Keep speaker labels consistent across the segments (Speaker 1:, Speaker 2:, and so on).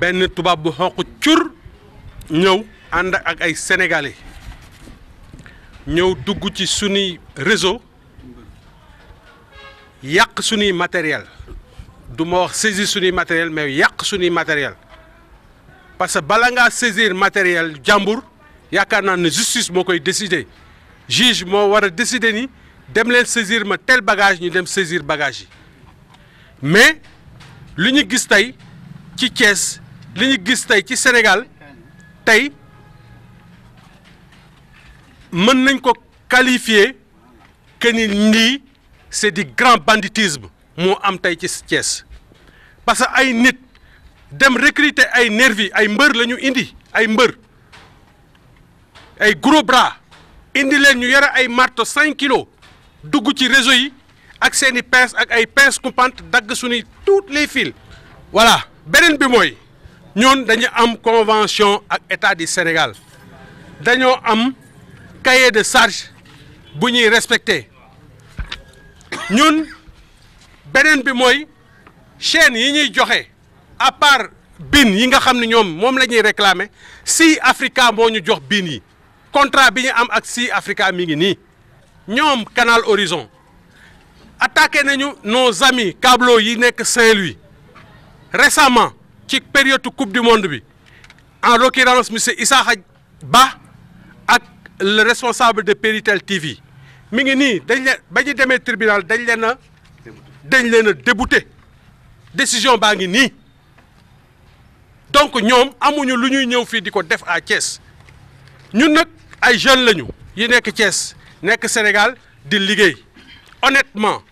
Speaker 1: benn tubaab bu xonq cur ñëw ànd ak ay sénégalais ñëw dugg ci sunuy réseau yàq sunuy matériel du ma wax saisir sunuy matériel mais yàq sunuy matériel parce que bala ngaa saisir matériel jàmbur yaakaar naa ne justice moo koy décider juge moo war a décider ni dem leen saisir ma tel bagage ñu dem saisir bagage yi mais li ñu gis tey ci Thiès li ñu gis tey ci Sénégal tey mën nañ ko qualifier que ni lii c'est du grand banditisme moo am tey ci Thiès parce que ay nit dem recruter ay nervi ay mbër la ñu indi ay mbër ay gros bras indi leen ñu yore ay marto cinq kilos dugg ci réseau yi ak seeni i pince ak ay pince coupante dagg suñuy toutes les fils voilà beneen bi mooy ñoon dañu am convention ak état du Sénégal dañoo am cahier de charge bu ñuy respecté ñun beneen bi mooy chaîne yi ñuy joxe à part bin yi nga xam ni ñoom moom la ñuy réclamer si Africa moo ñu jox bin yi contrat bi ñu am ak si Africa mi ngi nii ñoom Canal Horizon attaqué nañu nos amis câblo yi nekk Saint-Louis récemment ci période coupe du monde bi en l'occurrence monsieur Isaaxa Ba ak le responsable de Péritel TV mi ngi nii dañ leen ba ñu demee tribunal dañ leen a dañ leen a décision baa ngi nii donc ñoom amuñu lu ñuy ñëw fii di ko def à Thiès ñun nag ay jeunes lañu yi nekk Thiès nekk Sénégal di liggéey honnêtement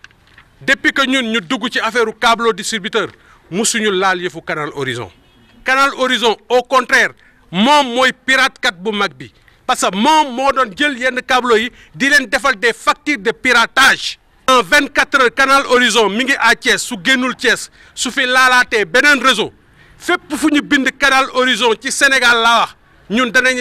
Speaker 1: depuis que ñun ñu dugg ci affaire câble distributeur musuñu laal yëfu Canal Horizon Canal Horizon au contraire moom mooy pirate kat bu mag bi parce que moom moo doon jël yenn câble yi di leen defal de factures de piratage en vingt quatre heures Canal Horizon mi ngi à Thiès su génnul Thiès su fi laalaatee beneen réseau fépp fu ñu bind Canal Horizon ci Sénégal laa ñun danañ